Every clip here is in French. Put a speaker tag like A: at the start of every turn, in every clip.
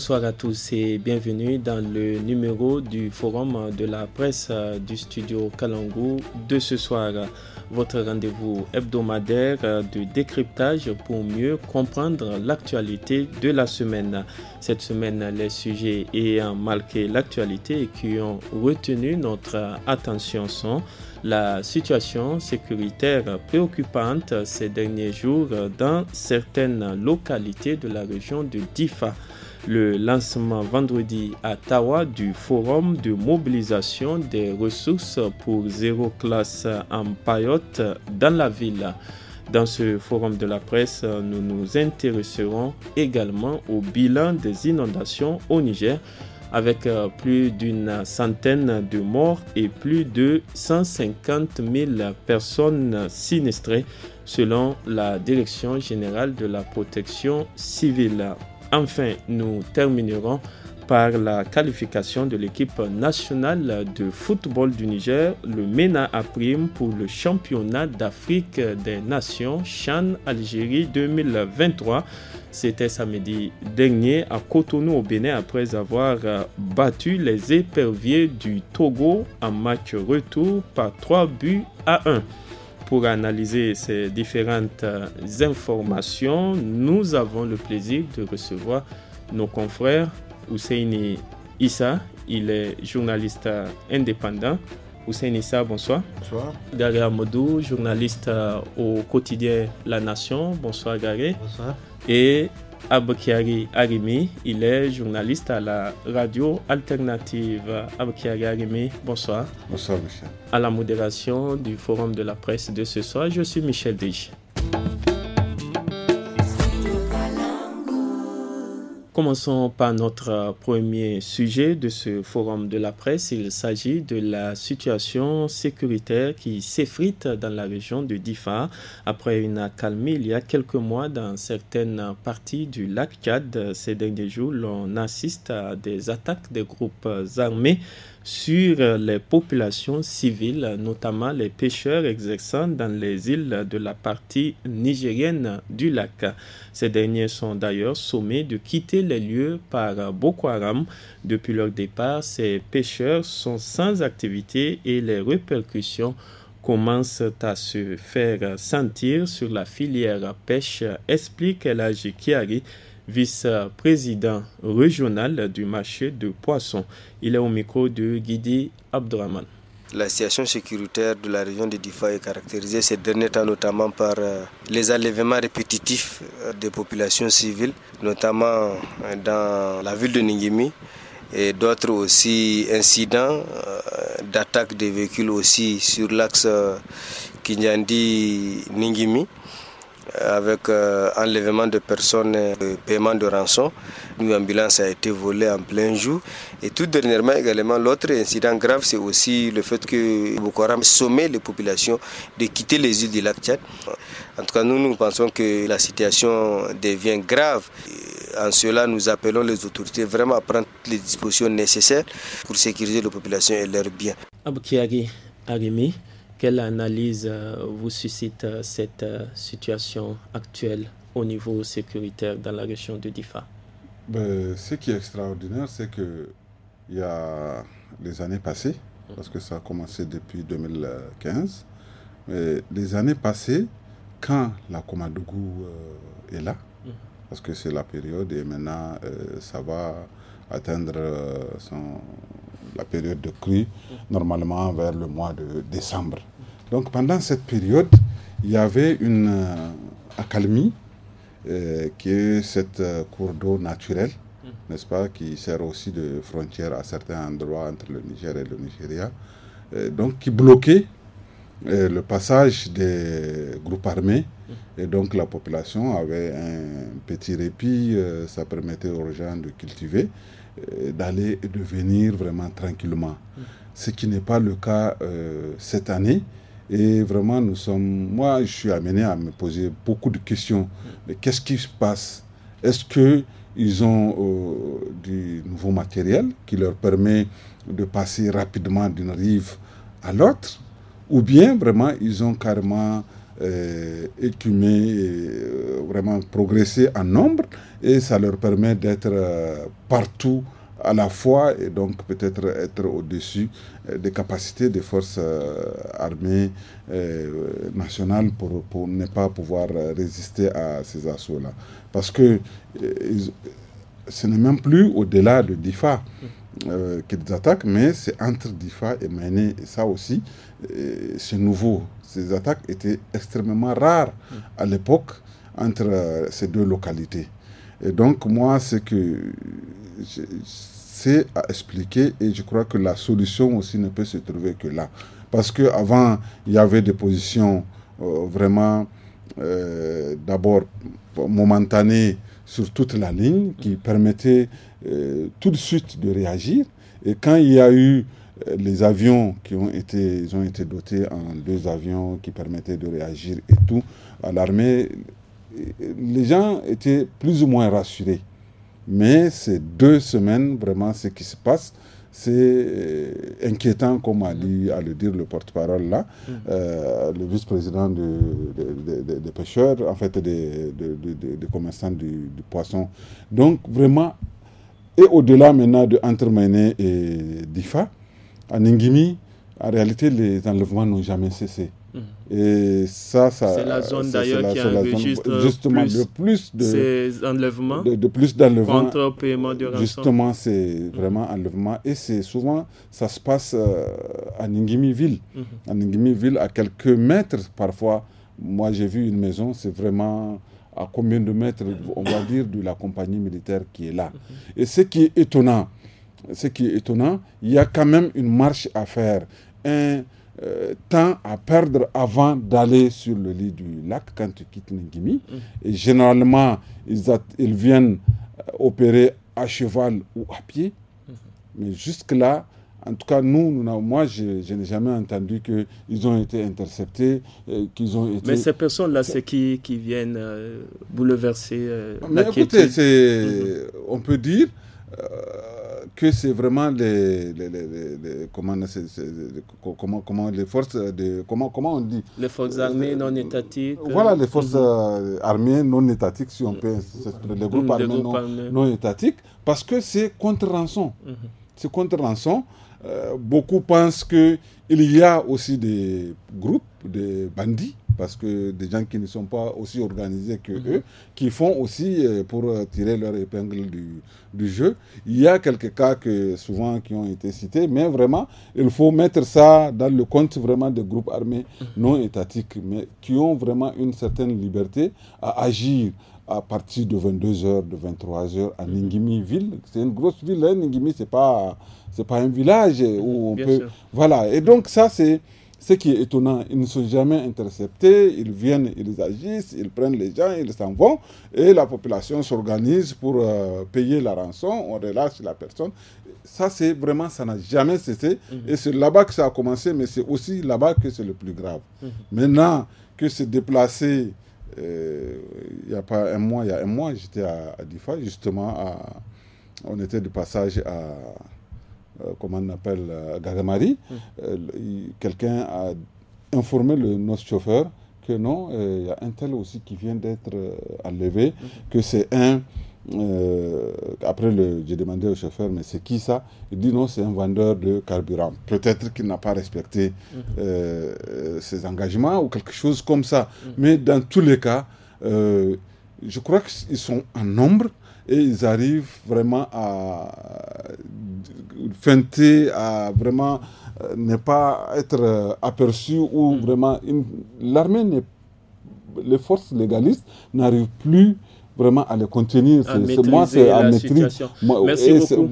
A: Bonsoir à tous et bienvenue dans le numéro du Forum de la presse euh, du studio Kalangou de ce soir. Votre rendez-vous hebdomadaire euh, de décryptage pour mieux comprendre l'actualité de la semaine. Cette semaine, les sujets ayant marqué l'actualité et qui ont retenu notre attention sont la situation sécuritaire préoccupante ces derniers jours dans certaines localités de la région de Difa le lancement vendredi à Tawa du forum de mobilisation des ressources pour zéro classe en payotte dans la ville. Dans ce forum de la presse, nous nous intéresserons également au bilan des inondations au Niger avec euh, plus d'une centaine de morts et plus de 150 000 personnes sinistrées selon la Direction générale de la protection civile. Enfin, nous terminerons par la qualification de l'équipe nationale de football du Niger, le MENA à prime pour le championnat d'Afrique des Nations Chan Algérie 2023. C'était samedi dernier à Cotonou au Bénin après avoir euh, battu les éperviers du Togo en match retour par 3 buts à 1 pour analyser ces différentes euh, informations, nous avons le plaisir de recevoir nos confrères Ousseini Issa, il est journaliste euh, indépendant. Hussein Issa, bonsoir. Bonsoir. Gary Amadou, journaliste euh, au quotidien La Nation. Bonsoir Gary. Bonsoir. Et Abakiari Arimi. Il est journaliste à la radio alternative. Abkiari Arimi, bonsoir. Bonsoir, Michel. À la modération du Forum de la presse de ce soir, je suis Michel Dich. Commençons par notre euh, premier sujet de ce forum de la presse. Il s'agit de la situation sécuritaire qui s'effrite dans la région de Difa après une accalmie il y a quelques mois dans certaines parties du lac Tchad. Ces derniers jours, l'on assiste à des attaques des groupes armés sur euh, les populations civiles, notamment les pêcheurs exerçant dans les îles de la partie nigérienne du lac. Ces derniers sont d'ailleurs sommés de quitter les lieux par Boko Haram. Depuis leur départ, ces pêcheurs sont sans activité et les répercussions commencent à se faire sentir sur la filière pêche, explique la vice-président régional du marché de poissons. Il est au micro de Guidi Abdraman.
B: La situation sécuritaire de la région de Difa est caractérisée ces derniers temps notamment par euh, les enlèvements répétitifs euh, des populations civiles, notamment euh, dans la ville de Ningimi et d'autres aussi incidents d'attaque de véhicules aussi sur l'axe kinyandi ningimi euh, avec l'enlèvement euh, enlèvement de personnes et euh, paiement de rançon. Une ambulance a été volée en plein jour. Et tout dernièrement également, l'autre incident grave, c'est aussi le fait que Boko Haram sommet les populations de quitter les îles du lac Tchad. En tout cas, nous, nous pensons que la situation devient grave. En cela, nous appelons les autorités vraiment à prendre les dispositions nécessaires pour sécuriser les populations et leurs biens.
A: Quelle analyse euh, vous suscite euh, cette euh, situation actuelle au niveau sécuritaire dans la région de Difa
C: ben, Ce qui est extraordinaire, c'est qu'il y a les années passées, parce que ça a commencé depuis 2015, mais les années passées, quand la Komadougou est là, mhm. parce que c'est la période et maintenant ça va atteindre son période de crue, normalement vers le mois de décembre. Donc pendant cette période, il y avait une euh, accalmie, euh, qui est cette euh, cour d'eau naturelle, n'est-ce pas, qui sert aussi de frontière à certains endroits entre le Niger et le Nigeria, donc qui bloquait le passage des groupes armés. Et donc la population avait un petit répit, ça permettait aux gens de cultiver. Euh, d'aller et de venir vraiment tranquillement. Ce qui n'est pas le cas euh, cette année. Et vraiment, nous sommes. Moi, je suis amené à me poser beaucoup de questions. Mais qu'est-ce qui se passe Est-ce qu'ils ont euh, du nouveau matériel qui leur permet de passer rapidement d'une rive à l'autre, ou bien vraiment ils ont carrément écumé, vraiment progressé en nombre, et ça leur permet d'être euh, partout à la fois et donc peut-être être, être au dessus euh, des capacités des forces euh, armées nationales pour, ne pas pouvoir résister à ces assauts-là. Parce que ce n'est même plus au-delà de DIFA qu'ils attaquent, mais c'est entre DIFA et Mane Et ça aussi, c'est nouveau. Ces attaques étaient extrêmement rares à l'époque entre ces deux localités. Et donc, moi, c'est que c'est à expliquer et je crois que la solution aussi ne peut se trouver que là. Parce que avant il y avait des positions euh, vraiment euh, d'abord momentanées sur toute la ligne qui permettaient euh, tout de suite de réagir. Et quand il y a eu les avions qui ont été, ils ont été dotés en deux avions qui permettaient de réagir et tout. À l'armée, les gens étaient plus ou moins rassurés. Mais ces deux semaines, vraiment, ce qui se passe, c'est euh, inquiétant, comme a, dit, à le dire le porte-parole là, mm. euh, le vice-président des pêcheurs, en fait des commerçants du, poisson. Donc vraiment, et au-delà maintenant de entremainer et d'IFA, à Ningimi, en réalité, les enlèvements n'ont jamais cessé. Et ça, ça c'est la zone d'ailleurs qui enregistre justement plus, le plus de ces
A: enlèvements, de, plus d'enlèvements contre paiement de rançon. Justement,
C: c'est vraiment enlèvement et c'est souvent ça se passe euh, à Ningimiville. Mhm. à Ville à quelques mètres parfois. Moi, j'ai vu une maison, c'est vraiment à combien de mètres, on va dire, de la compagnie militaire qui est là. Mhm. Et ce qui est étonnant, ce qui est étonnant, il y a quand même une marche à faire. Un, euh, temps à perdre avant d'aller sur le lit du lac quand tu quittes Ngimi. Mm. Et généralement, ils, ils viennent euh, opérer à cheval ou à pied. Mm-hmm. Mais jusque-là, en tout cas, nous, nous moi, je, n'ai jamais entendu qu'ils ont été interceptés, euh, qu'ils ont été... Mais ces
A: personnes-là, c'est qui, qui viennent bouleverser euh, Mais écoutez, mm-hmm.
C: on peut dire, que c'est vraiment les, les, les, comment, comment, les forces de comment comment
A: on dit les forces armées non étatiques euh, voilà les euh, forces mhm.
C: euh, armées non étatiques si on peut mhm. les groupes armés, non, non, étatiques parce que c'est contre rançon mhm. c'est contre rançon euh, beaucoup pensent qu'il y a aussi des groupes, des bandits, parce que des gens qui ne sont pas aussi organisés que mhm. eux, qui font aussi euh, pour euh, tirer leur épingle du, jeu. Il y a quelques cas que souvent qui ont été cités, mais vraiment, il faut mettre ça dans le compte vraiment des groupes armés mhm. non étatiques, mais qui ont vraiment une certaine liberté à agir à partir de 22h, de 23h à mhm. Ningimi-ville. C'est une grosse ville, hein, Ningimi, c'est pas c'est pas un village où on peut. Voilà. Et donc, ça, c'est ce qui est étonnant. Ils ne sont jamais interceptés, ils viennent, ils agissent, ils prennent les gens, ils s'en vont, et la population s'organise pour euh, payer la rançon, on relâche la personne. Ça, c'est vraiment, ça n'a jamais cessé. Mhm. Et c'est là-bas que ça a commencé, mais c'est aussi là-bas que c'est le plus grave. Mhm. Maintenant que c'est déplacé... Euh, il n'y a pas un mois, il y a un mois, j'étais à, Difa, justement, on était de passage à euh, comment on appelle, euh, Gagamari, euh, quelqu'un a informé le, notre chauffeur que non, il y a un tel aussi qui vient d'être enlevé, mhm. que c'est un... après, j'ai demandé au chauffeur, mais c'est qui ça Il dit non, c'est un vendeur de carburant. Peut-être qu'il n'a pas respecté mhm. ses engagements ou quelque chose comme ça. Mhm. Mais dans tous les cas, je crois qu'ils sont en nombre et ils arrivent vraiment à euh, feinter, à vraiment euh, ne pas être euh, aperçus ou mm. vraiment une... l'armée, les forces légalistes n'arrivent plus vraiment à les contenir. C'est moi, c'est à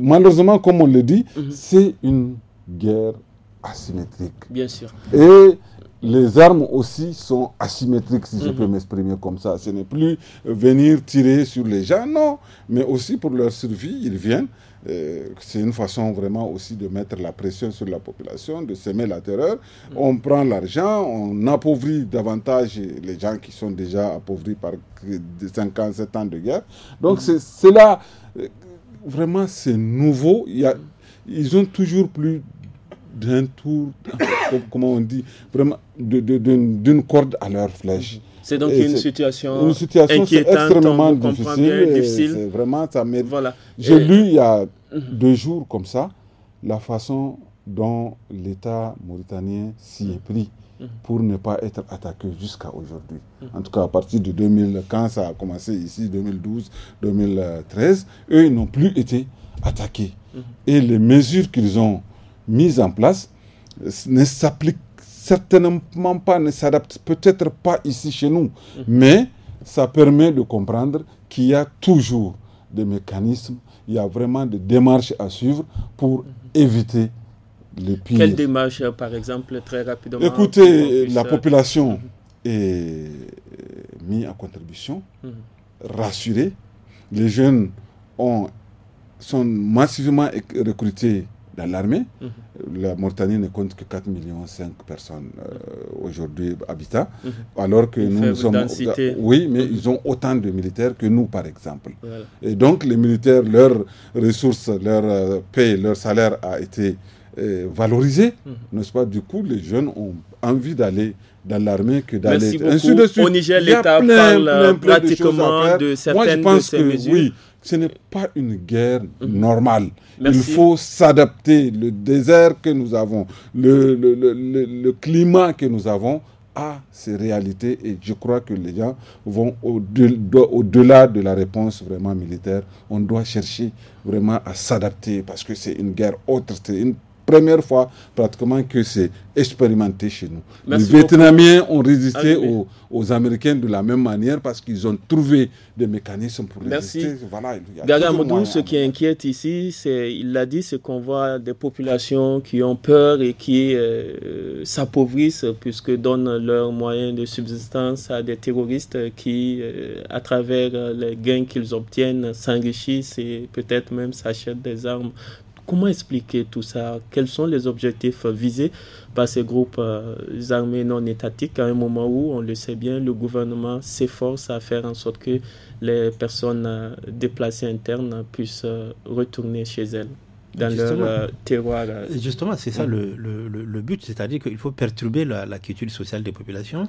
C: Malheureusement, comme on le dit, mm-hmm. c'est une guerre asymétrique. Bien sûr. Et les armes aussi sont asymétriques, si je peux mhm. m'exprimer comme ça. Ce n'est plus euh, venir tirer sur les gens, non, mais aussi pour leur survie, ils viennent. Euh, c'est une façon vraiment aussi de mettre la pression sur la population, de semer la terreur. Mhm. On prend l'argent, on appauvrit davantage les gens qui sont déjà appauvris par 5 ans, 7 ans de guerre. Donc mhm. c'est là, euh, vraiment, c'est nouveau. ils ont toujours plus d'un tour, comment on dit, vraiment d'une corde à leur flèche. C'est donc une situation, une situation extrêmement difficile. Bien, Vraiment, ça voilà. J'ai lu il y a mhm. deux jours comme ça la façon dont l'État mauritanien s'y est pris mhm. pour ne pas être attaqué jusqu'à aujourd'hui. Mhm. En tout cas, à partir de 2015 ça a commencé ici, 2012, 2013, eux, n'ont plus été attaqués. Et les mesures qu'ils ont mise en place ne s'applique certainement pas, ne s'adapte peut-être pas ici chez nous, mhm. mais ça permet de comprendre qu'il y a toujours des mécanismes, il y a vraiment des démarches à suivre pour mhm. éviter les pires. Quelles
A: démarche, par exemple, très rapidement Écoutez, la population
C: mhm. est euh, mise en contribution, rassurée. Les jeunes ont, sont massivement recrutés dans l'armée. Mhm. La Mauritanie ne compte que 4,5 millions de personnes euh, aujourd'hui habitants, mhm. alors que nous, sommes... Oui, mais ils ont autant de militaires que nous, par exemple. Et donc les militaires, leurs ressources, leur euh, paie, leur salaire a été euh, valorisé, mhm. n'est-ce pas Du coup, les jeunes ont envie d'aller dans l'armée que d'aller. Ainsi de suite. Au Niger, l'État parle plein, pratiquement de, certaines Moi, je pense de ces que, mesures. Oui, ce n'est pas une guerre mhm. normale. Il faut s'adapter. Le désert que nous avons, le, le, le, le, climat que nous avons à ces réalités et je crois que les gens vont au-delà de la réponse vraiment militaire. On doit chercher vraiment à s'adapter parce que c'est une guerre autre, c'est une première fois pratiquement que c'est expérimenté chez nous. les Vietnamiens ont résisté aux, Américains de la même manière parce qu'ils ont trouvé des mécanismes pour résister. Voilà, ce
A: qui hein. inquiète ici, c'est, il l'a dit, c'est qu'on voit des populations qui ont peur et qui euh, s'appauvrissent puisque donnent leurs moyens de subsistance à des terroristes qui, euh, à travers les gains qu'ils obtiennent, s'enrichissent et peut-être même s'achètent des armes comment expliquer tout ça Quels sont les objectifs euh, visés par ces groupes euh, armés non étatiques à un moment où, on le sait bien, le gouvernement s'efforce à faire en sorte que les personnes euh, déplacées internes puissent retourner chez elles dans leur
B: terroir. Justement, c'est ça mm. le, le, le, but, c'est-à-dire qu'il faut perturber la, sociale des populations, mm.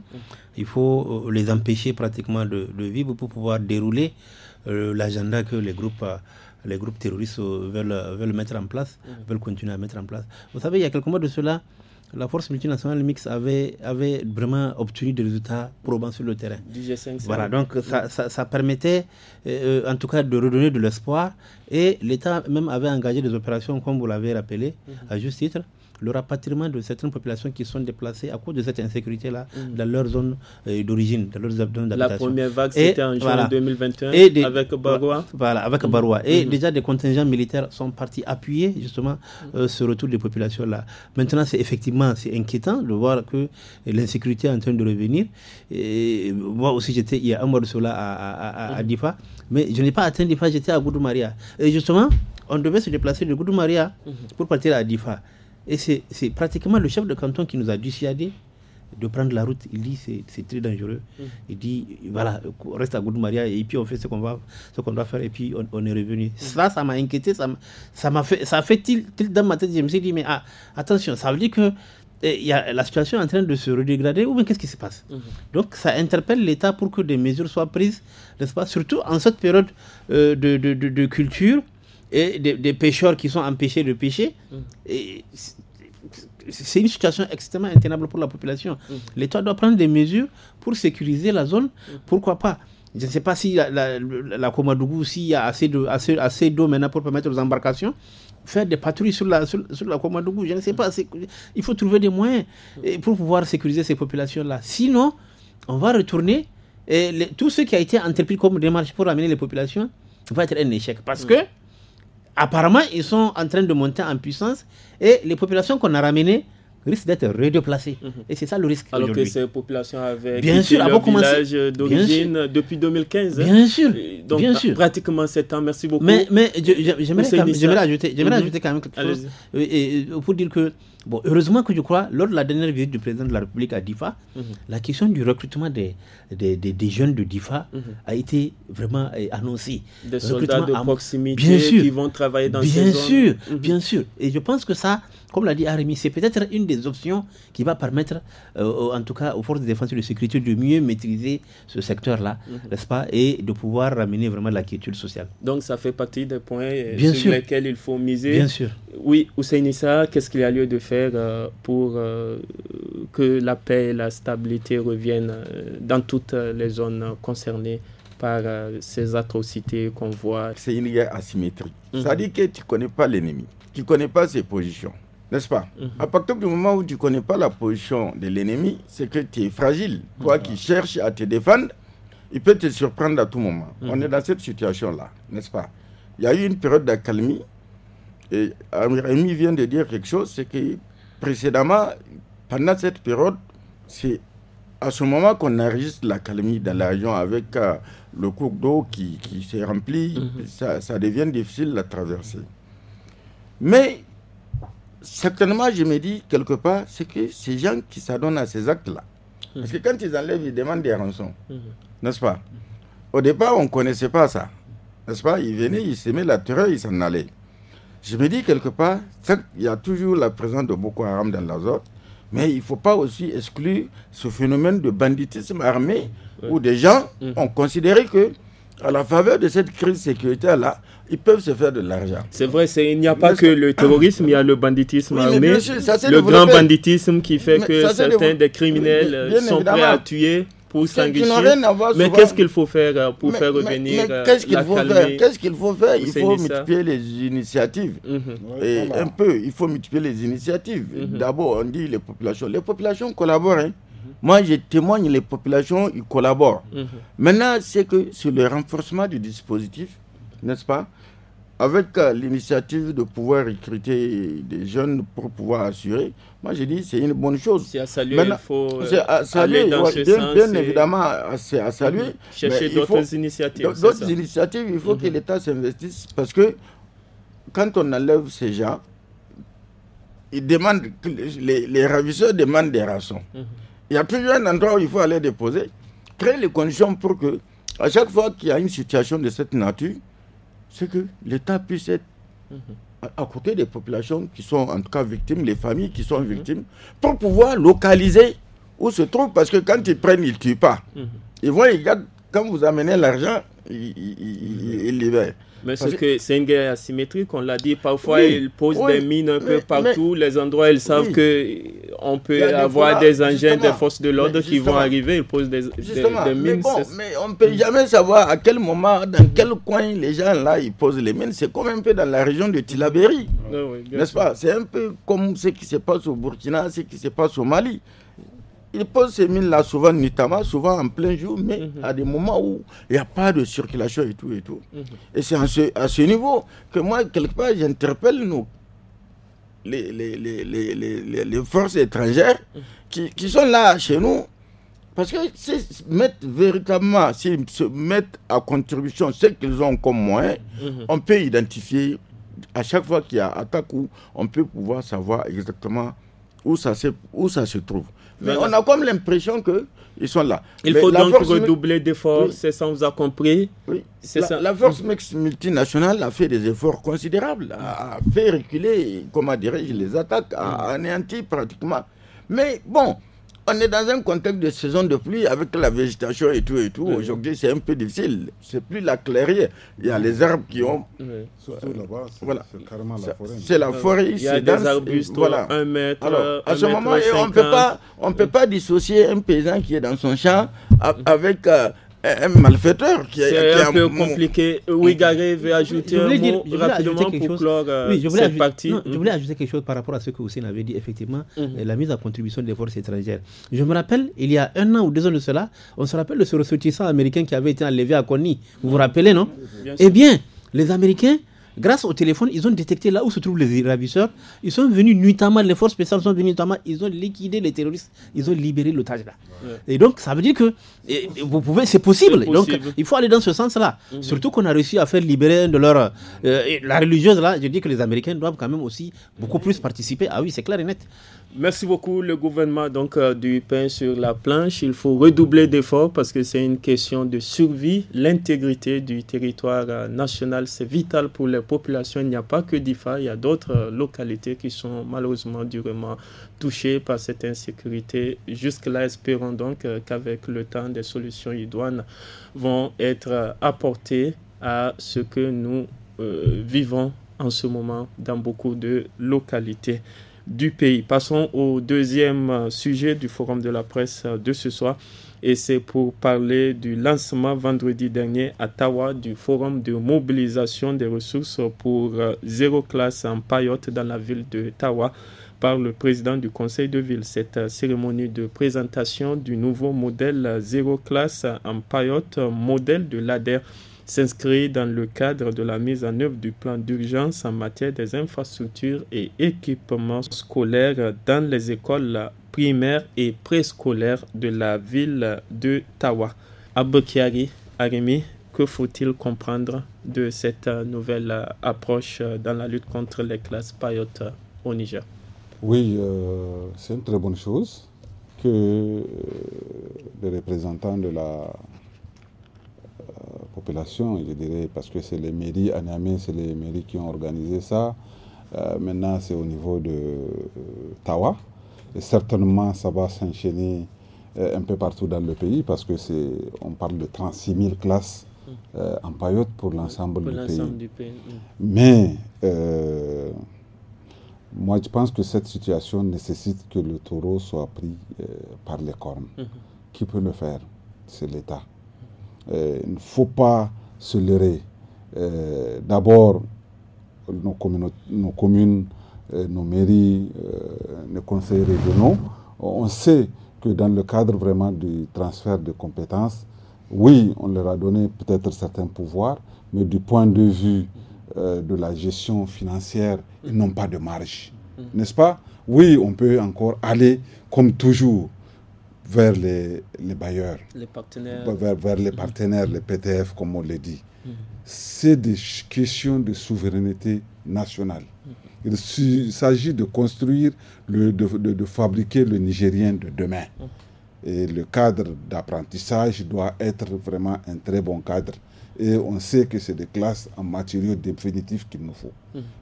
B: il faut les empêcher pratiquement de, vivre pour pouvoir dérouler l'agenda que les groupes les groupes terroristes veulent, veulent mettre en place, mm. veulent continuer à mettre en place. Vous savez, il y a quelques mois de cela, la force multinationale mixte avait, avait vraiment obtenu des résultats probants sur le terrain. Du G5 voilà, donc ça, permettait euh, en tout cas de redonner de l'espoir et l'État même avait engagé des opérations, comme vous l'avez rappelé, mm-hmm. à juste titre, le rapatriement de certaines populations qui sont déplacées à cause de cette insécurité-là mm. dans leur zone euh, d'origine, dans leur zone d'habitation. La première vague, c'était en juin 2021 et
A: avec Baroua. Voilà, avec mm. Baroua. Et mm-hmm. déjà,
B: des contingents militaires sont partis appuyer justement mm. euh, ce retour des populations-là. Maintenant, c'est effectivement c'est inquiétant de voir que l'insécurité est en train de revenir. Et moi aussi, j'étais il y a un mois de cela à, Difa, mais je n'ai pas atteint Difa, j'étais à Goudou Maria. Et justement, on devait se déplacer de Goudou Maria mm-hmm. pour partir à Difa. Et c'est pratiquement le chef de canton qui nous a dit de prendre la route. Il dit c'est très dangereux. Mm. Il dit voilà, reste à Maria et puis on fait ce qu'on va ce qu'on doit faire et puis on, est revenu. Mm. Ça, ça m'a inquiété, ça m'a fait ça a fait tilt, dans ma tête. Je me suis dit mais ah, attention, ça veut dire que eh, y a, la situation est en train de se redégrader ou bien qu'est-ce qui se passe mm-hmm. Donc ça interpelle l'État pour que des mesures soient prises, n'est-ce pas Surtout en cette période euh, de, culture et des, pêcheurs qui sont empêchés de pêcher. Mm. c'est une situation extrêmement intenable pour la population. Mm. L'État doit prendre des mesures pour sécuriser la zone. Mm. Pourquoi pas je ne sais pas si la, la, Comadougou, s'il y a assez d'eau de, assez, assez maintenant pour permettre aux embarcations, faire des patrouilles sur la, sur, la Comadougou, je ne sais pas. Il faut trouver des moyens pour pouvoir sécuriser ces populations-là. Sinon, on va retourner et tout ce qui a été entrepris comme démarche pour amener les populations va être un échec. Parce que apparemment, ils sont en train de monter en puissance et les populations qu'on a ramenées risque d'être redéplacé. Mhm. Et c'est ça le risque. Alors que ces
A: populations avaient bien sûr, d'origine depuis 2015. Bien sûr. Donc, bien sûr.
B: pratiquement 7 ans. Merci beaucoup. Mais, mais j'aimerais mhm. ajouter, quand même quelque chose. Et, euh, pour dire que, bon, heureusement que je crois, lors de la dernière visite du président de la République à DIFA, mhm. la question du recrutement des, des, des, jeunes de DIFA a été vraiment euh, annoncée. Des soldats de proximité qui vont travailler dans bien ces Bien sûr, bien sûr. Et je pense que ça comme l'a dit Arimi, c'est peut-être une des options qui va permettre, euh, en tout cas, aux forces de défense et de sécurité de mieux maîtriser ce secteur-là, mhm. n'est-ce pas, et de pouvoir ramener vraiment la quiétude sociale.
A: Donc, ça fait partie des points euh, sur lesquels il faut miser. Bien sûr. Oui, Ousseinissa, qu'est-ce qu'il y a lieu de faire euh, pour que la paix et la stabilité reviennent dans toutes les zones concernées par ces atrocités qu'on voit C'est une guerre
D: asymétrique. Mhm. C'est-à-dire que tu ne connais pas l'ennemi, tu ne connais pas ses positions n'est-ce pas mhm. À partir du moment où tu ne connais pas la position de l'ennemi, c'est que tu es fragile. Toi mhm. qui cherches à te défendre, il peut te surprendre à tout moment. Mhm. On est dans cette situation-là, n'est-ce pas Il y a eu une période d'accalmie. Et Rémi vient de dire quelque chose, c'est que précédemment, pendant cette période, c'est à ce moment qu'on enregistre l'accalmie dans la région avec euh, le cours d'eau qui, qui s'est rempli, ça, ça devient difficile à traverser. Mais certainement, je me dis quelque part, c'est que ces gens qui s'adonnent à ces actes-là, parce que mhm. quand ils enlèvent, ils demandent des rançons, mhm. n'est-ce pas Au départ, on ne connaissait pas ça, n'est-ce pas Ils venaient, ils s'aimaient la terreur, ils s'en allaient. Je me dis quelque part, il y a toujours la présence de Boko Haram dans la mais il ne faut pas aussi exclure ce phénomène de banditisme armé où des gens mhm. ont considéré que, à la faveur de cette crise sécuritaire-là, ils peuvent se faire de l'argent.
A: C'est vrai, il n'y a pas que le terrorisme, il y a le banditisme armé, le grand banditisme qui fait que certains des criminels sont prêts à tuer pour s'enrichir. Mais qu'est-ce qu'il faut faire pour faire revenir la qu'est-ce qu'il faut, faire Il faut multiplier
D: les initiatives. Mhm. un peu, il faut multiplier les initiatives. Mhm. D'abord, on dit les populations. Les populations collaborent. Hein. Moi, je témoigne, les populations, ils collaborent. Mhm. Maintenant, c'est que sur le renforcement du dispositif, n'est-ce pas avec euh, l'initiative de pouvoir recruter des jeunes pour pouvoir assurer, moi j'ai dit c'est une bonne chose. C'est à saluer, il faut bien, évidemment, c'est à saluer. Chercher d'autres initiatives. D'autres initiatives, il faut que mhm. l'État s'investisse parce que quand on enlève ces gens, ils demandent, les, les ravisseurs demandent des rations mhm. Il y a plusieurs endroits où il faut aller déposer, créer les conditions pour que, à chaque fois qu'il y a une situation de cette nature, c'est que l'État puisse être mm-hmm. à, côté des populations qui sont en tout cas victimes, les familles qui sont mm-hmm. victimes, pour pouvoir localiser où se trouvent. Parce que quand ils prennent, ils ne tuent pas. Ils vont, ils gardent, quand vous amenez l'argent, ils, ils libèrent.
A: Mais c'est que c'est une guerre asymétrique, on l'a dit. Parfois, ils posent des mines un peu partout. les endroits, ils savent qu'on peut avoir des, engins des forces de l'ordre qui vont arriver. Ils posent des, mines. Mais, mais on ne peut
D: jamais savoir à quel moment, dans quel coin les gens là, ils posent les mines. C'est comme un peu dans la région de Tilaberi. Ah n'est-ce pas C'est un peu comme ce qui se passe au Burkina, ce qui se passe au Mali. Ils posent ces mines-là souvent, notamment, souvent en plein jour, mais mhm. à des moments où il n'y a pas de circulation et tout et tout. Mhm. Et c'est à ce niveau que moi, quelque part, j'interpelle nos les, les, forces étrangères mhm. qui, sont là chez nous. Parce que s'ils mettent véritablement, s'ils se mettent à contribution ce qu'ils ont comme moyen, on peut identifier à chaque fois qu'il y a attaque ou on peut pouvoir savoir exactement où ça où ça se trouve. Mais on a comme l'impression que ils sont là. Il faut donc redoubler
A: d'efforts, c'est ça, vous a compris Oui, c'est ça. La
D: force multinationale a fait des efforts considérables, a fait reculer, comment dirais-je, les attaques, a mm. anéanti pratiquement. Mais bon, on est dans un contexte de saison de pluie avec la végétation et tout et tout. Aujourd'hui, c'est un peu difficile. C'est plus la clairière. Il y a les arbres qui ont.
A: c'est carrément la forêt. Hein. C'est la forêt Il y a
D: des arbustes, voilà. un mètre. Alors, à ce moment, on ne peut pas, on peut pas dissocier un paysan qui est dans son champ avec. Euh, un malfaiteur qui est, été. un peu compliqué.
B: Oui, Gary
A: veut ajouter un mot rapidement ajouter quelque chose. oui, je euh, cette partie.
B: Je voulais mhm. ajouter quelque chose par rapport à ce que vous avait dit, effectivement, mhm. euh, la mise à contribution des forces étrangères. Je me rappelle, il y a un an ou deux ans de cela, on se rappelle de ce ressortissant américain qui avait été enlevé à Kony. Vous vous rappelez, non et Eh bien, les Américains Grâce au téléphone, ils ont détecté là où se trouvent les ravisseurs. Ils sont venus nuitamment, les forces spéciales sont venues nuitamment. ils ont liquidé les terroristes, ils ont libéré l'otage là. Et donc, ça veut dire que vous pouvez, c'est possible. Donc, il faut aller dans ce sens-là. Mhm. Surtout qu'on a réussi à faire libérer de leur. Euh, la religieuse là, je dis que les Américains doivent quand même aussi beaucoup plus participer. Ah oui, c'est clair et net. Merci beaucoup. Le gouvernement donc euh, du pain sur la
A: planche. Il faut redoubler d'efforts parce que c'est une question de survie. L'intégrité du territoire euh, national, c'est vital pour les populations. Il n'y a pas que d'IFA, il y a d'autres euh, localités qui sont malheureusement durement touchées par cette insécurité. Jusque-là, espérons donc qu'avec le temps, des solutions idoines vont être apportées à ce que nous vivons en ce moment dans beaucoup de localités du pays. Passons au deuxième euh, sujet du forum de la presse euh, de ce soir et c'est pour parler du lancement vendredi dernier à Tawa du forum de mobilisation des ressources pour euh, zéro classe en Payotte dans la ville de Tawa par le président du conseil de ville. Cette cérémonie de présentation du nouveau modèle zéro classe en Payotte, modèle de l'ADER, s'inscrit dans le cadre de la mise en œuvre du plan d'urgence en matière des infrastructures et équipements scolaires dans les écoles primaires et préscolaires de la ville de Tawa. Abokiari Arimi, que faut-il comprendre de cette nouvelle approche dans la lutte contre les classes payotes au Niger
C: Oui, euh, c'est une très bonne chose que euh, les représentants de la je dirais, parce que c'est les mairies à c'est les mairies qui ont organisé ça. Euh, maintenant, c'est au niveau de euh, Tawa. Et certainement, ça va s'enchaîner euh, un peu partout dans le pays parce que c'est, on parle de 36 000 classes en paillote pour l'ensemble du, pays. Mais moi, je pense que cette situation nécessite que le taureau soit pris par les cornes. Mhm. Qui peut le faire C'est l'État. Euh, il ne faut pas se leurrer. Euh, d'abord, nos, nos, communes, euh, nos mairies, nos conseils régionaux, on sait que dans le cadre vraiment du transfert de compétences, oui, on leur a donné peut-être certains pouvoirs, mais du point de vue de la gestion financière, ils n'ont pas de marge. Mm. N'est-ce pas Oui, on peut encore aller, comme toujours, vers les, les bailleurs, les partenaires. Vers, les mhm. partenaires, les PTF comme on le dit. Mhm. C'est des questions de souveraineté nationale. Mhm. Il s'agit de construire, le, de, de, fabriquer le Nigérien de demain. Et le cadre d'apprentissage doit être vraiment un très bon cadre. Et on sait que c'est des classes en matériaux définitifs qu'il nous faut.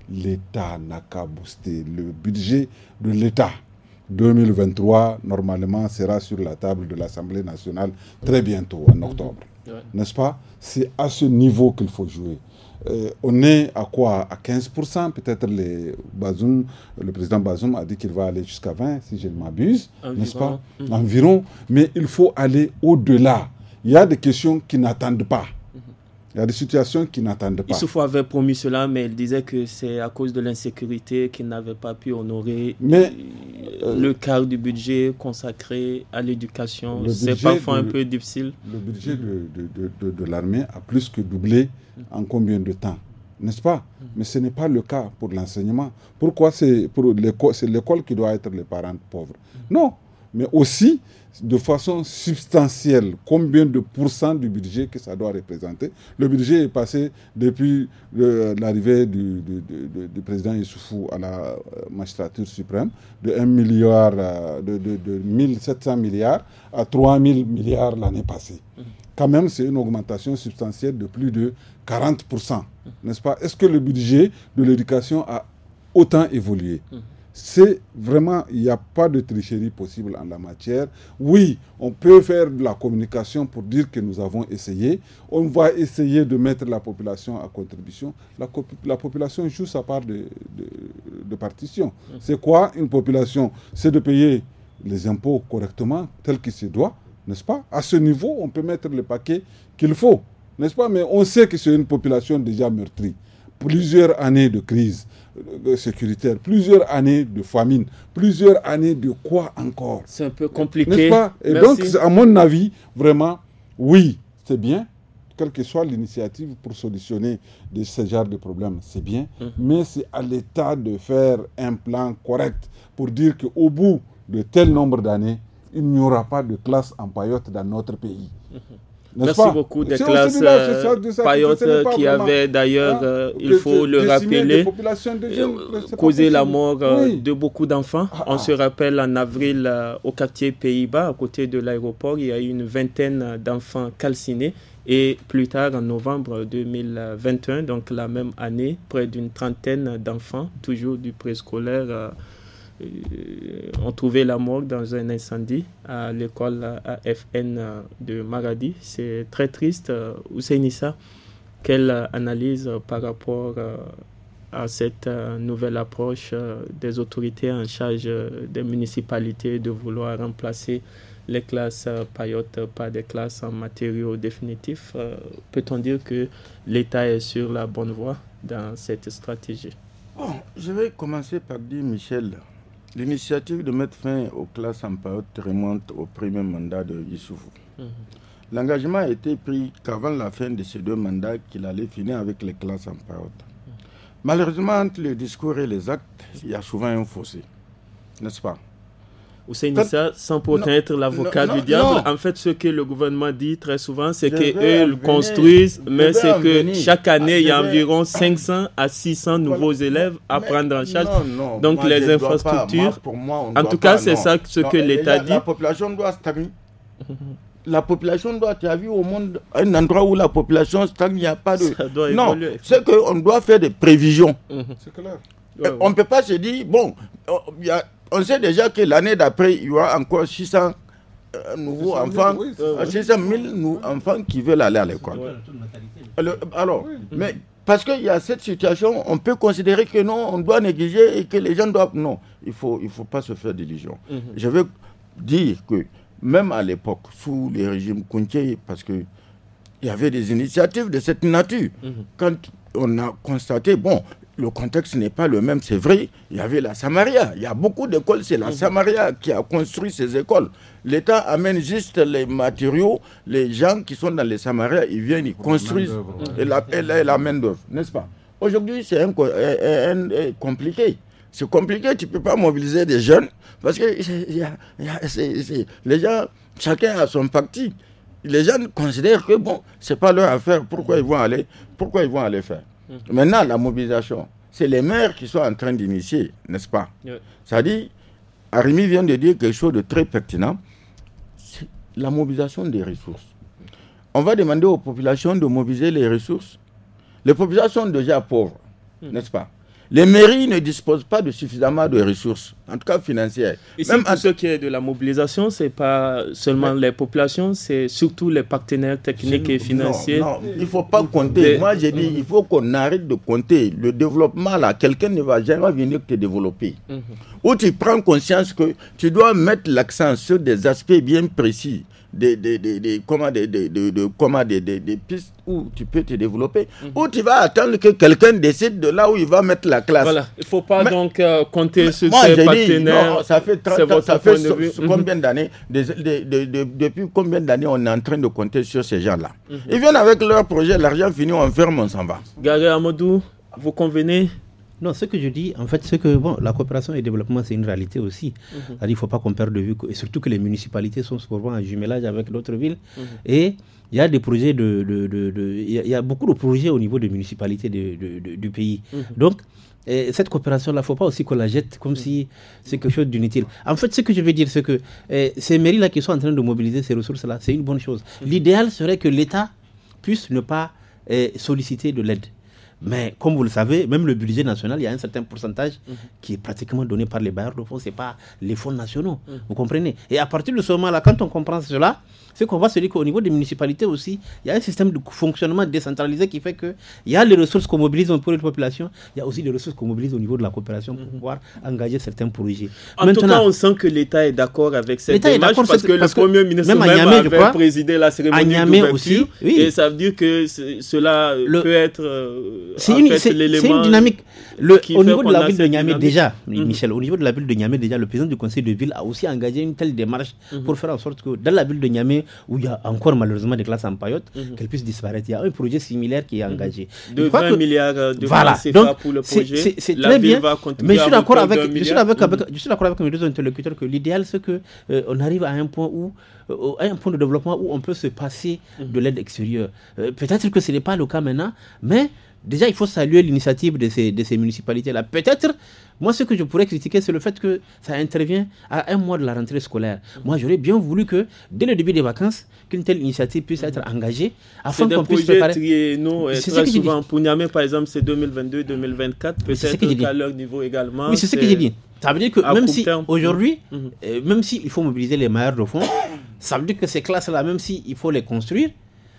C: L'État n'a qu'à booster le budget de l'État 2023, normalement, sera sur la table de l'Assemblée nationale très bientôt, en mhm. octobre. N'est-ce pas C'est à ce niveau qu'il faut jouer. Euh, on est à quoi À 15% Peut-être le président Bazoum a dit qu'il va aller jusqu'à 20, si je ne m'abuse, n'est-ce pas mhm. Environ. Mais il faut aller au-delà. Il y a des questions qui n'attendent pas. Il y a des situations qui n'attendent pas. Issoufou
A: avait promis cela, mais il disait que c'est à cause de l'insécurité qu'il n'avait pas pu honorer mais, euh, le quart du budget consacré à l'éducation. C'est parfois un peu difficile. Le budget
C: de, de, de l'armée a plus que doublé en combien de temps N'est-ce pas Mais ce n'est pas le cas pour l'enseignement. Pourquoi c'est l'école qui doit être les parents pauvres Non, mais aussi de façon substantielle combien de pourcents du budget que ça doit représenter. Le budget est passé depuis euh, l'arrivée du, président Issoufou à la euh, magistrature suprême de 1 milliard, euh, de 1700 milliards à 3000 milliards l'année passée. Quand même, c'est une augmentation substantielle de plus de 40%, n'est-ce pas Est-ce que le budget de l'éducation a autant évolué c'est vraiment, il n'y a pas de tricherie possible en la matière. Oui, on peut faire de la communication pour dire que nous avons essayé. On va essayer de mettre la population à contribution. La, la population joue sa part de, partition. Mm. C'est quoi une population C'est de payer les impôts correctement, tel qu'il se doit, n'est-ce pas À ce niveau, on peut mettre le paquet qu'il faut, n'est-ce pas Mais on sait que c'est une population déjà meurtrie. Plusieurs années de crise euh, sécuritaire, plusieurs années de famine, plusieurs années de quoi encore C'est un peu compliqué. nest Et donc, à mon avis, vraiment, oui, c'est bien, quelle que soit l'initiative pour solutionner ce genre de problème, c'est bien, mmh. mais c'est à l'État de faire un plan correct pour dire qu'au bout de tel nombre d'années, il n'y aura pas de classe en paillotte dans notre pays. Mmh. Merci beaucoup des classes euh, payotes euh, qui avaient d'ailleurs, hein? euh, il faut le rappeler, causé la
A: mort de beaucoup d'enfants. Ah, On ah. se rappelle en avril au quartier Pays-Bas, à côté de l'aéroport, il y a eu une vingtaine d'enfants calcinés. Et plus tard, en novembre 2021, donc la même année, près d'une trentaine d'enfants, toujours du préscolaire euh, ont trouvé la mort dans un incendie à l'école AFN de Maradi. C'est très triste. Euh, Ousseinissa, quelle analyse par rapport euh, à cette nouvelle approche des autorités en charge des municipalités de vouloir remplacer les classes payotes par des classes en matériaux définitifs. Peut-on dire que l'État est sur la bonne voie dans cette stratégie
D: je vais commencer par dire, Michel, L'initiative de mettre fin aux classes en période remonte au premier mandat de Yissoufou. Mhm. L'engagement a été pris qu'avant la fin de ces deux mandats, qu'il allait finir avec les classes en période. Mhm. Malheureusement, entre le discours et les actes, il y a souvent un fossé, n'est-ce pas
A: c'est Issa, sans pourtant être l'avocat du diable, en fait, ce que le gouvernement dit très souvent, c'est qu'eux construisent, mais c'est que chaque ah, année, il y a environ 500 à 600 nouveaux élèves à prendre en charge. Donc, les infrastructures. en tout cas, c'est ça ce que l'État dit. La
D: population doit stagner. la population doit, se au monde, un endroit où la population stagne, il n'y a pas de. non, c'est qu'on doit faire des prévisions. Mhm. On ne peut pas se dire, bon, euh, il y a on sait déjà que l'année d'après, il y aura encore 600 euh, nouveaux enfants, 600 000 nouveaux enfants qui veulent aller à l'école. Alors, mais parce qu'il y a cette situation, on peut considérer que non, on doit négliger et que les gens doivent. Non, il ne faut, il faut pas se faire d'illusions. Mhm. Je veux dire que même à l'époque, sous les régimes Kunche, parce que il y avait des initiatives de cette nature. Mhm. Quand on a constaté, bon, le contexte n'est pas le même, c'est vrai. Il y avait la Samaria. Il y a beaucoup d'écoles, c'est la mhm. Samaria qui a construit ces écoles. L'État amène juste les matériaux, les gens qui sont dans les Samaria, ils viennent, ils construisent et la, et la, dœuvre n'est-ce pas Aujourd'hui, c'est un, compliqué. C'est compliqué, tu ne peux pas mobiliser des jeunes parce que les gens, chacun a son parti. Les jeunes considèrent que bon, c'est pas leur affaire, pourquoi ils vont aller, pourquoi ils vont aller faire Mhm. Maintenant, la mobilisation, c'est les maires qui sont en train d'initier, n'est-ce pas C'est-à-dire, Arimi vient de dire quelque chose de très pertinent, c'est la mobilisation des ressources. On va demander aux populations de mobiliser les ressources. Les populations sont déjà pauvres, mhm. n'est-ce pas Les mairies ne disposent pas de suffisamment de ressources en
A: tout cas financière. Même à ce qui est de la mobilisation, c'est pas seulement les populations, c'est surtout les partenaires techniques et financiers. Non, non, il faut
D: pas compter. Moi, j'ai dit, il faut qu'on arrête de compter. Le développement, là, quelqu'un ne va jamais venir te développer. Mhm. Ou tu prends conscience que tu dois mettre l'accent sur des aspects bien précis. Des, des, des, des, comment des, des, pistes où tu peux te développer, mhm. ou tu vas attendre que quelqu'un décide de là où il va mettre la classe. Voilà,
A: il ne faut pas donc euh, compter sur ces non, ça fait, ça fait combien
D: d'années Depuis combien d'années on est en train de compter sur ces gens-là mhm. Ils viennent avec leur projet, l'argent fini, on ferme, on s'en
B: va. Gary Amadou, vous convenez non, ce que je dis, en fait, c'est que bon, la coopération et le développement, c'est une réalité aussi. Mhm. il ne faut pas qu'on perde de vue, et surtout que les municipalités sont souvent en jumelage avec d'autres villes. Mhm. Et il y a des projets de. Il y, a beaucoup de projets au niveau des municipalités du pays. Donc, et cette coopération-là, il ne faut pas aussi qu'on la jette comme mm. si c'est quelque chose d'inutile. En fait, ce que je veux dire, c'est que eh, ces mairies-là qui sont en train de mobiliser ces ressources-là, c'est une bonne chose. Mm. L'idéal serait que l'État puisse ne pas eh, solliciter de l'aide. Mais comme vous le savez, même le budget national, il y a un certain pourcentage mm. qui est pratiquement donné par les bailleurs de fonds, ce n'est pas les fonds nationaux. Vous comprenez Et à partir de ce moment-là, quand on comprend cela, ce qu'on voit c'est qu'au niveau des municipalités aussi, il y a un système de fonctionnement décentralisé qui fait que il y a les ressources qu'on mobilise pour les populations, il y a aussi les ressources qu'on mobilise au niveau de la coopération pour mhm. pouvoir engager certains projets. En Maintenant, tout cas, on sent que l'État est d'accord avec cette démarche parce que le Premier ministre même, même avait présidé la cérémonie d'ouverture oui. et ça
A: veut dire que cela peut être euh, c'est une, dynamique. au niveau de la ville de Niamey déjà, mhm. Michel,
B: au niveau de la ville de Niamey déjà, le président du conseil de ville a aussi engagé une telle démarche mhm. pour faire en sorte que dans la ville de Niamey, où il y a encore malheureusement des classes en paillotte, mhm. qu'elles puissent disparaître. Il y a un projet similaire qui est mhm. engagé. De 20 milliards de voilà. Donc, pour le projet. C'est très bien. Mais je suis d'accord avec, je suis d'accord avec, mes deux interlocuteurs que l'idéal, c'est qu'on euh, arrive à un point où euh, à un point de développement où on peut se passer mhm. de l'aide extérieure. Euh, peut-être que ce n'est pas le cas maintenant, mais Déjà, il faut saluer l'initiative de ces, municipalités-là. Peut-être, moi, ce que je pourrais critiquer, c'est le fait que ça intervient à un mois de la rentrée scolaire. Moi, j'aurais bien voulu que, dès le début des vacances, qu'une telle initiative puisse être engagée afin qu'on puisse préparer. Euh, c'est ce que souvent.
A: Pour Niamey, par exemple, c'est 2022-2024. Peut-être qu'à leur niveau également. Oui, c'est ce que j'ai dit. Ça veut dire que mm-hmm. euh, même si aujourd'hui,
B: même s'il faut mobiliser les maires de fonds, ça veut dire que ces classes-là, même s'il il faut les construire,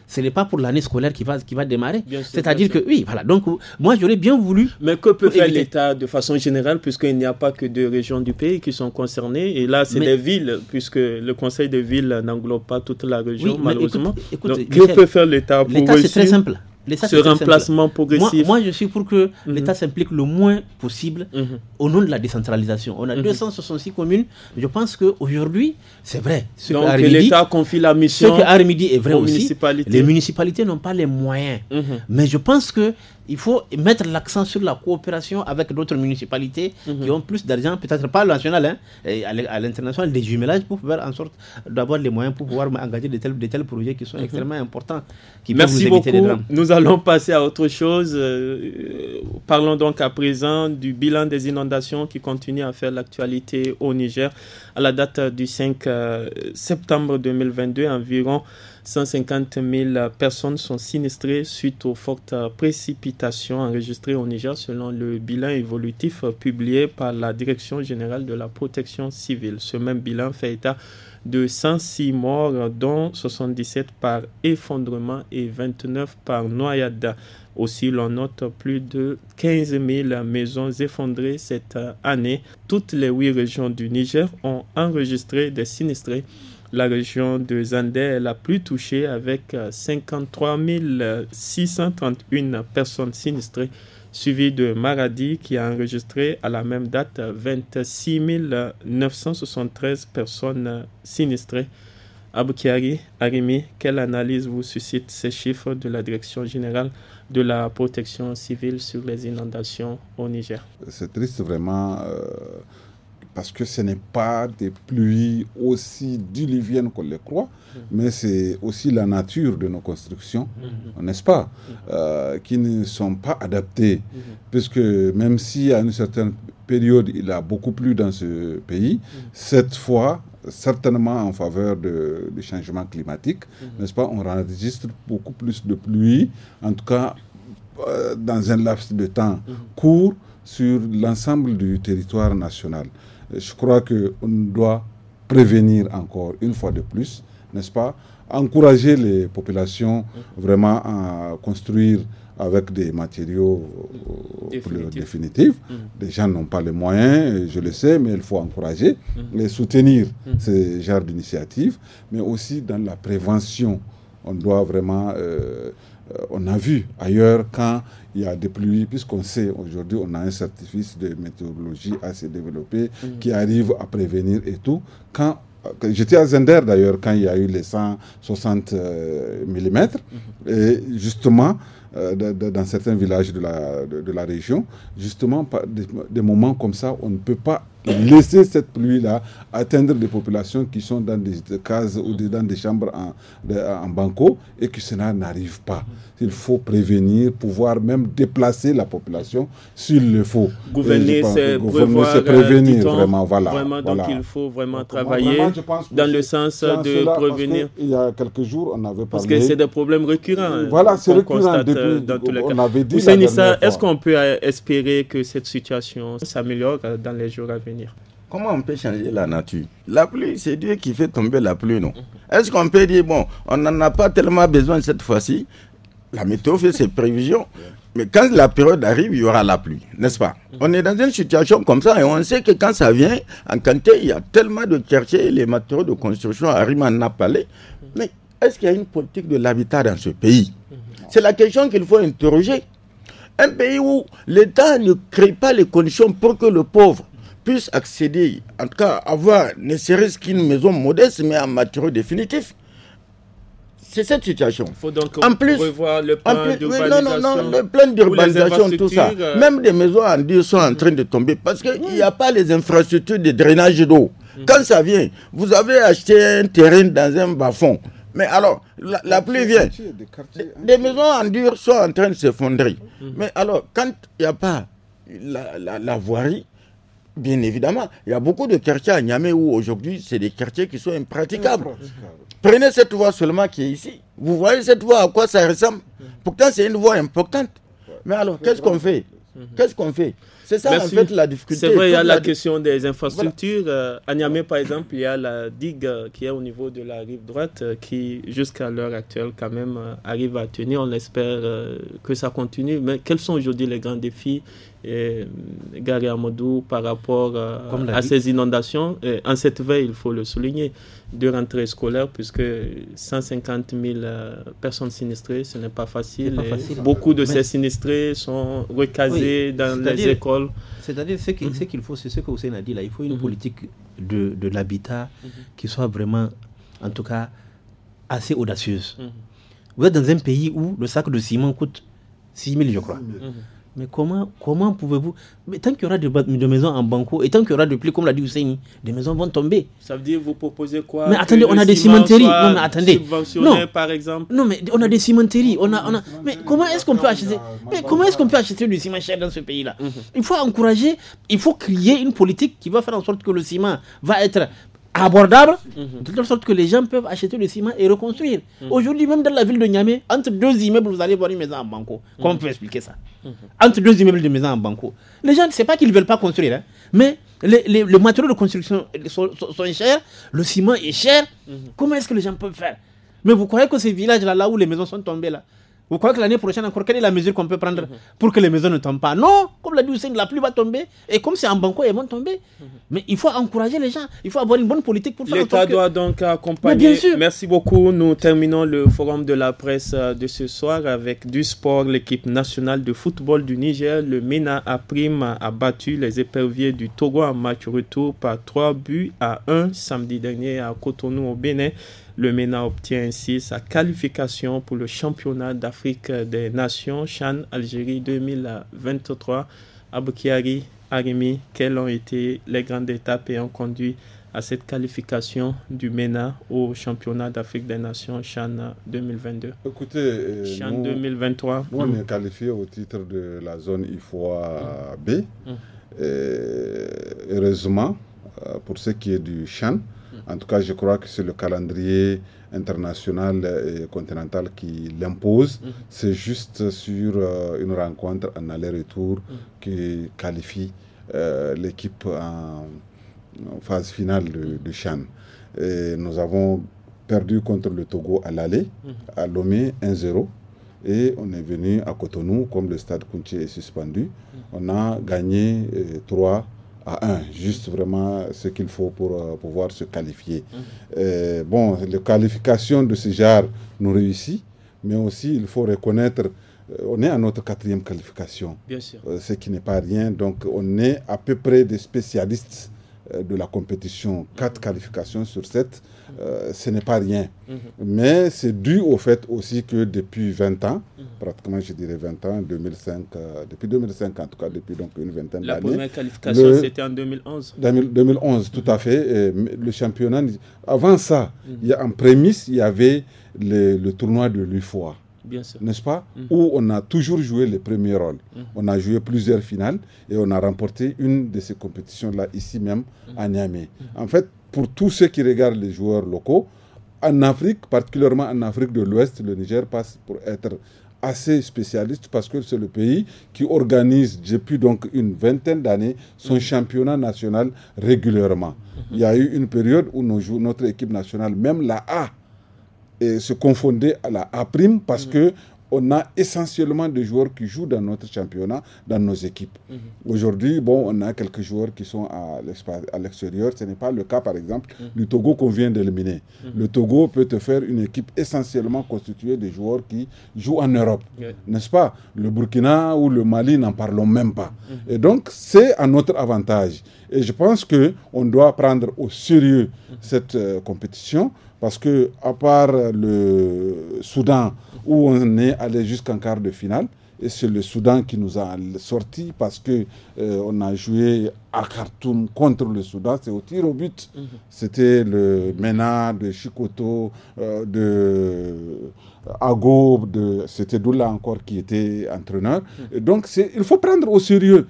B: ce n'est pas pour l'année scolaire qui va, démarrer. C'est-à-dire que, oui, voilà. Donc, moi, j'aurais bien voulu. Mais que peut faire l'État de façon générale, puisqu'il n'y a pas que
A: deux régions du pays qui sont concernées Et là, c'est les villes, puisque le conseil des villes n'englobe pas
B: toute la région, malheureusement. que peut faire l'État pour c'est très simple. Ce remplacement progressif. Moi, je suis pour que mhm. l'État s'implique le moins possible mhm. au nom de la décentralisation. On a 266 mhm. communes. Je pense qu'aujourd'hui, c'est vrai. Ce que l'État confie la mission. Ce que Armidi est vrai aussi. Municipalités. Les municipalités n'ont pas les moyens. Mais je pense que il faut mettre l'accent sur la coopération avec d'autres municipalités mhm. qui ont plus d'argent, peut-être pas national, hein, et à l'international, des jumelages pour faire en sorte d'avoir les moyens pour pouvoir engager de tels, projets qui sont mhm. extrêmement importants. Qui Merci nous Nous allons passer à autre
A: chose. Euh, euh, parlons donc à présent du bilan des inondations qui continue à faire l'actualité au Niger. À la date du 5 euh, septembre 2022, environ 150 000 personnes sont sinistrées suite aux fortes précipitations enregistrées au Niger selon le bilan évolutif publié par la Direction générale de la protection civile. Ce même bilan fait état de 106 morts, dont 77 par effondrement et 29 par noyade. Aussi, l'on note plus de 15 000 maisons effondrées cette année. Toutes les huit régions du Niger ont enregistré des sinistrés la région de Zandé est la plus touchée avec 53 euh, 631 euh, personnes sinistrées, suivie de Maradi qui a enregistré à la même date 26 euh, 973 personnes sinistrées. Aboukiari, Arimi, quelle analyse vous suscite ces chiffres de la Direction générale de la protection civile sur les inondations au Niger
C: C'est triste vraiment parce que ce n'est pas des pluies aussi diluviennes qu'on les croit, mm-hmm. mais c'est aussi la nature de nos constructions, mm-hmm. n'est-ce pas, euh, qui ne sont pas adaptées, mm-hmm. puisque même si à une certaine période il a beaucoup plu dans ce pays, cette fois, certainement en faveur du changement climatique, n'est-ce pas, on enregistre beaucoup plus de pluie, en tout cas euh, dans un laps de temps court sur l'ensemble du territoire national je crois qu'on doit prévenir encore une fois de plus, n'est-ce pas Encourager les populations vraiment à construire avec des matériaux euh, définitifs. Mmh. Les gens n'ont pas les moyens, je le sais, mais il faut encourager, mmh. les soutenir, ce mmh. ces genres d'initiatives, mais aussi dans la prévention. On doit vraiment euh, euh, on a vu ailleurs quand il y a des pluies, puisqu'on sait aujourd'hui, on a un certificat de météorologie assez développé mm. qui arrive à prévenir et tout. Quand euh, J'étais à Zender d'ailleurs quand il y a eu les 160 euh, mm. Mm-hmm. Et justement, dans certains villages de la, de, la région, justement, des, moments comme ça, on ne peut pas laisser cette pluie-là atteindre les populations qui sont dans des cases ou dans des chambres en, en banco et que cela n'arrive pas. Il faut prévenir, pouvoir même déplacer la population s'il le faut. Gouverner, c'est euh, prévenir, vraiment, voilà, donc il faut vraiment travailler dans le sens de prévenir. Il y a quelques jours, on avait parlé. Parce que c'est des problèmes récurrents. Euh, voilà, c'est récurrent euh, tous on avait
A: dit. est-ce qu'on peut espérer que cette situation s'améliore dans les jours à venir?
D: Comment on peut changer la nature La pluie, c'est Dieu qui fait tomber la pluie, non Est-ce qu'on peut dire, bon, on n'en a pas tellement besoin cette fois-ci La météo fait ses prévisions. Mais quand la période arrive, il y aura la pluie, n'est-ce pas On est dans une situation comme ça et on sait que quand ça vient, en quantité, il y a tellement de quartiers, les matériaux de construction arrivent à Napalé. Mais est-ce qu'il y a une politique de l'habitat dans ce pays C'est la question qu'il faut interroger. Un pays où l'État ne crée pas les conditions pour que le pauvre accéder, en tout cas avoir ne serait-ce qu'une maison modeste, mais en matériaux définitifs. C'est cette situation.
A: faut donc en plus, le plan d'urbanisation. Non, non, le plan d'urbanisation, tout ça. Euh,
D: Même des maisons en dur sont en train de tomber parce qu'il n'y a pas les infrastructures de drainage d'eau. Mm. Quand ça vient, vous avez acheté un terrain dans un bas Mais alors, la, pluie vient.
C: Hein.
D: Des, maisons en dur sont en train de s'effondrer. Mm. Mais alors, quand il n'y a pas la voirie, bien évidemment, il y a beaucoup de quartiers à Niamey où aujourd'hui, c'est des quartiers qui sont impraticables. Mmh. Prenez cette voie seulement qui est ici. Vous voyez cette voie à quoi ça ressemble mmh. Pourtant, c'est une voie importante. Mais alors, mmh. qu'est-ce qu'on fait Qu'est-ce qu'on fait C'est ça, en fait, la difficulté. C'est vrai, il y a la, question
A: des infrastructures. Euh, à Niamey, par exemple, il y a la digue euh, qui est au niveau de la rive droite euh, qui, jusqu'à l'heure actuelle, quand même, arrive à tenir. On espère que ça continue. Mais quels sont aujourd'hui les grands défis et euh, Gary Amadou par rapport euh, à, ces inondations. en cette veille, il faut le souligner, de rentrée scolaire, puisque 150 000 euh, personnes sinistrées, ce n'est pas facile. Beaucoup de ces sinistrés
B: sont recasés dans les écoles. C'est-à-dire, mhm. ce qu'il faut, c'est ce que Hussein a dit là, il faut une mhm. politique de, l'habitat mhm. qui soit vraiment, en tout cas, assez audacieuse. Vous êtes dans un pays où le sac de ciment coûte 6 000, je crois. Mais comment, comment pouvez-vous. Mais tant qu'il y aura de, de maisons en banco et tant qu'il y aura de plus, comme l'a dit Hussein des maisons vont tomber. Ça veut dire vous proposez quoi Mais attendez, on a des cimenteries. Non, mais attendez. Non. par exemple. Non, mais on a des cimenteries. On a, on a... Mais comment est-ce qu'on peut acheter. Mais comment est-ce qu'on peut acheter du ciment cher dans ce pays-là mhm. Il faut encourager, il faut créer une politique qui va faire en sorte que le ciment va être abordable, mhm. de telle sorte que les gens peuvent acheter le ciment et reconstruire. Mhm. Aujourd'hui, même dans la ville de Niamey, entre deux immeubles, vous allez voir une maison en banco. Comment mhm. on peut expliquer ça Entre deux immeubles de maison en banco. Les gens, savent pas qu'ils ne veulent pas construire, hein, mais les, les, matériaux de construction sont, sont chers, le ciment est cher. Comment est-ce que les gens peuvent faire Mais vous croyez que ces villages-là, là où les maisons sont tombées, là, vous croyez que l'année prochaine encore, quelle est la mesure qu'on peut prendre pour que les maisons ne tombent pas Non, comme l'a dit Hussein, la pluie va tomber et comme c'est en banco, elles vont tomber. Mais il faut encourager les gens, il faut avoir une bonne politique pour faire L'État doit
A: donc accompagner. Mais bien sûr. Merci beaucoup. Nous terminons le forum de la presse euh, de ce soir avec du sport. L'équipe nationale de football du Niger, le MENA A Prime, a battu les éperviers du Togo en match retour par 3 buts à 1 samedi dernier à Cotonou au Bénin. Le MENA obtient ainsi sa qualification pour le championnat d'Afrique des Nations Chan Algérie 2023. Aboukiari, Arimi, quelles ont été les grandes étapes ayant conduit à cette qualification du MENA au championnat d'Afrique des Nations Chan 2022 Écoutez, 2023. Euh, on mm. est
C: qualifié au titre de la zone IFOA B. Mm. Mm. heureusement, euh, pour ce qui est du Chan, en tout cas, je crois que c'est le calendrier international et continental qui l'impose. Mm-hmm. C'est juste sur euh, une rencontre en aller-retour mm-hmm. qui qualifie euh, l'équipe en, phase finale du, mm-hmm. du nous avons perdu contre le Togo à l'aller, à Lomé 1-0. Et on est venu à Cotonou, comme le stade Kounché est suspendu. On a gagné euh, trois. 3 juste vraiment ce qu'il faut pour euh, pouvoir se qualifier. Mhm. Euh, bon, les qualifications de ce genre nous réussit, mais aussi il faut reconnaître euh, on est à notre quatrième qualification, Bien sûr. ce qui n'est pas rien. Donc on est à peu près des spécialistes euh, de la compétition, quatre qualifications sur 7, euh, ce n'est pas rien. Mhm. Mais c'est dû au fait aussi que depuis 20 ans, mhm. pratiquement je dirais 20 ans, 2005, euh, depuis 2005 en tout cas, depuis donc une vingtaine d'années. La première qualification c'était en 2011. 2011, tout à mhm. fait. le championnat, avant ça, y a, en prémisse, il y avait le tournoi de l'UFOA n'est-ce pas mhm. Où on a toujours joué les premiers rôles. Mhm. On a joué plusieurs finales et on a remporté une de ces compétitions-là ici même mhm. à Niamey. En fait, pour tous ceux qui regardent les joueurs locaux, en Afrique, particulièrement en Afrique de l'Ouest, le Niger passe pour être assez spécialiste parce que c'est le pays qui organise depuis donc une vingtaine d'années son championnat national régulièrement. Il y a eu une période où notre équipe nationale, même la A, et se confondait à la A' parce qu'on mm-hmm. que on a essentiellement des joueurs qui jouent dans notre championnat, dans nos équipes. Mm-hmm. Aujourd'hui, bon, on a quelques joueurs qui sont à l'extérieur. Ce n'est pas le cas, par exemple, mm-hmm. du Togo qu'on vient d'éliminer. Le Togo peut te faire une équipe essentiellement constituée de joueurs qui jouent en Europe, n'est-ce pas Le Burkina ou le Mali, n'en parlons même pas. Et donc, c'est à notre avantage. Et je pense que on doit prendre au sérieux cette euh, compétition parce que, à part le Soudan, où on est allé jusqu'en quart de finale, et c'est le Soudan qui nous a sorti parce que euh, on a joué à Khartoum contre le Soudan, c'est au tir au but. Mhm. C'était le Mena de Chikoto, euh, de Ago, c'était Doula encore qui était entraîneur. Mhm. donc il faut prendre au sérieux.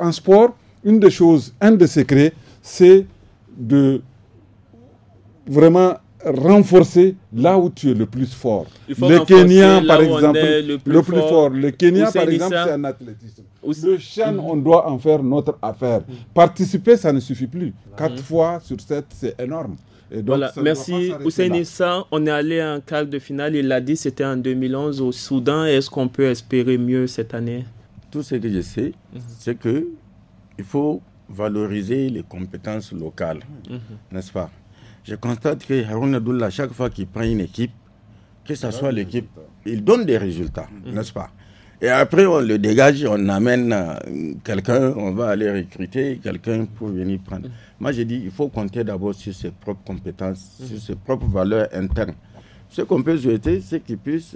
C: en sport, une des choses, un des secrets, c'est de vraiment renforcer là où tu es le plus fort. Le Kenya, par exemple, le plus, fort. Le par exemple, c'est un athlétisme. Le Chan, on doit en faire notre affaire. Mm. Participer, ça ne suffit plus. Quatre mm. fois sur sept, c'est énorme. voilà, merci. Hussein
A: ça on est allé en quart de finale, il l'a dit, c'était en 2011 au Soudan. Est-ce qu'on peut espérer mieux cette année
D: Tout ce que je sais, mm-hmm. c'est que il faut valoriser les compétences locales, mm-hmm. n'est-ce pas je constate que Haroun Adoula, chaque fois qu'il prend une équipe, que ce soit l'équipe, il donne des résultats, mm-hmm. n'est-ce pas Et après, on le dégage, on amène euh, quelqu'un, on va aller recruter quelqu'un pour venir prendre. Mm-hmm. Moi, j'ai dit, il faut compter d'abord sur ses propres compétences, mm-hmm. sur ses propres valeurs internes. Ce qu'on peut souhaiter, c'est qu'il puisse,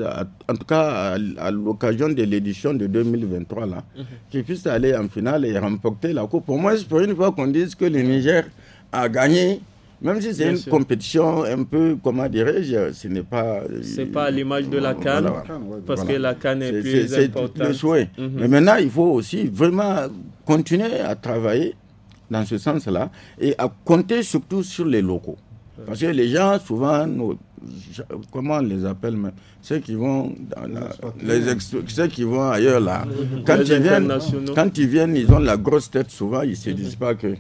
D: en tout cas à, l'occasion de l'édition de 2023, là, qu'il puisse aller en finale et remporter la Coupe. Pour moi, c'est pour une fois qu'on dise que le Niger a gagné même si c'est une compétition un peu, comment dirais-je, ce n'est pas. C'est
A: pas l'image de la euh, canne, parce que la canne est, plus importante. le souhait. Mhm. Mais
D: maintenant, il faut aussi vraiment continuer à travailler dans ce sens-là et à compter surtout sur les locaux. Parce que les gens, souvent, comment on les appelle Ceux qui vont, dans les qui vont ailleurs là, mhm. quand, ils viennent, quand ils viennent, ils ont la grosse tête souvent, ils ne se disent mhm. pas que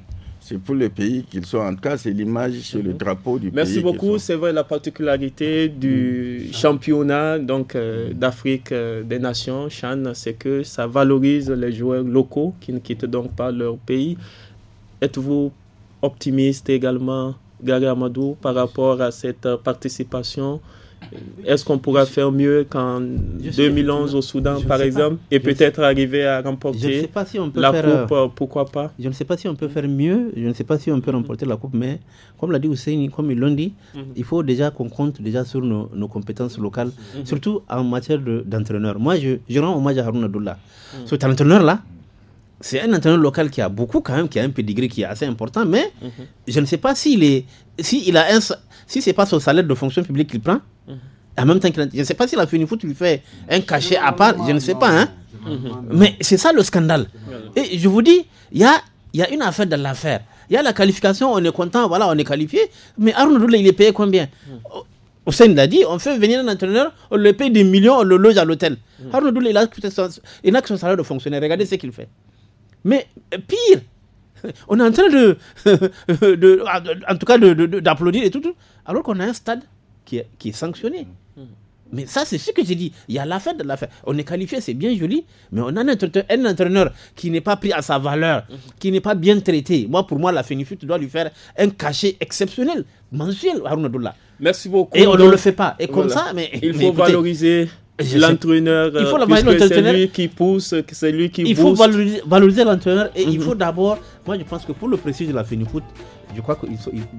D: c'est pour le pays qu'ils sont. En cas, c'est l'image sur le mhm. drapeau du pays. Merci beaucoup.
A: C'est vrai la particularité du mhm. championnat donc euh, d'Afrique euh, des Nations, Chan, c'est que ça valorise les joueurs locaux qui ne quittent donc pas leur pays. Êtes-vous optimiste également, Gary Amadou, par rapport à cette participation est-ce qu'on pourra faire mieux qu'en 2011 au Soudan, par exemple, et peut-être arriver à remporter si la Coupe,
B: euh, pourquoi pas Je ne sais pas si on peut faire mieux, je ne sais pas si on peut remporter la Coupe, mais comme l'a dit Hussein, comme ils l'ont dit, mhm. il faut déjà qu'on compte déjà sur nos, compétences locales, mhm. surtout en matière d'entraîneur. Moi, je, rends hommage à Haroun Abdullah. Mhm. entraîneur-là, c'est un entraîneur local qui a beaucoup quand même, qui a un pedigree qui est assez important, mais mhm. je ne sais pas s'il est, si il a un, si c'est pas son salaire de fonction publique qu'il prend, mhm. même temps je ne sais pas si la tu lui fait un cachet à part, je ne sais pas, hein. mhm. Mais c'est ça le scandale. Et je vous dis, il y a, y a une affaire dans l'affaire. Il y a la qualification, on est content, voilà, on est qualifié. Mais Arnaud il est payé combien Hussein l'a dit, on fait venir un entraîneur, on le paye des millions, on le loge à l'hôtel. Arnaud il n'a que son salaire de fonctionnaire. Regardez ce qu'il fait. Mais euh, pire, on est en train de, ah, en tout cas, d'applaudir et tout, alors qu'on a un stade qui est, sanctionné. Mm. Mm. Mais ça, c'est ce que j'ai dit. Il y a l'affaire de l'affaire. On est qualifié, c'est bien joli, mais on a un entraîneur, qui n'est pas pris à sa valeur, mm. qui n'est pas bien traité. Moi, pour moi, la FENIFUT doit lui faire un cachet exceptionnel, mensuel, Doula. Merci beaucoup. Et on ne le fait pas. Et comme ça, mais. Il faut valoriser l'entraîneur. Euh, c'est lui
A: qui pousse, c'est lui qui Il faut valoriser, l'entraîneur et il mhm. faut
B: d'abord. Moi, je pense que pour le prestige de la Foot, je crois qu'il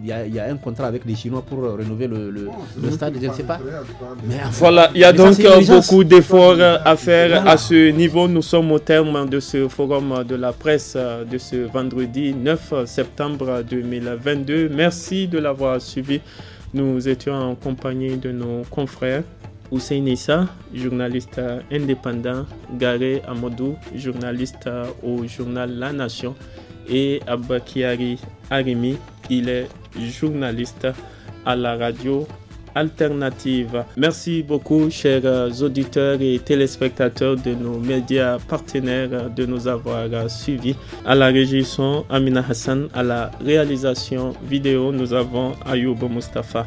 B: y, y, a un contrat avec les Chinois pour rénover le, stade, je ne sais pas. Mais voilà, il y a donc euh, beaucoup d'efforts euh, à faire à ce niveau. Nous
A: sommes au terme de ce forum de la presse de ce vendredi 9 septembre 2022. Merci de l'avoir suivi. Nous étions en compagnie de nos confrères. Hussein Issa, journaliste indépendant, Garé Amadou, journaliste au journal La Nation, et Abakiari Arimi, il est journaliste à la radio alternative. Merci beaucoup, chers auditeurs et téléspectateurs de nos médias partenaires, de nous avoir suivis. À la son Amina Hassan. À la réalisation vidéo, nous avons Ayoub Mustafa.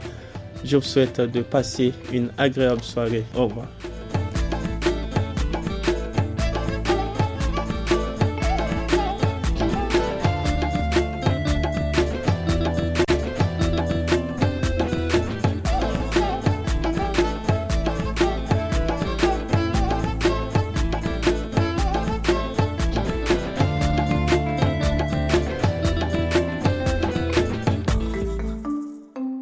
A: Je vous souhaite de passer une agréable soirée. Au revoir.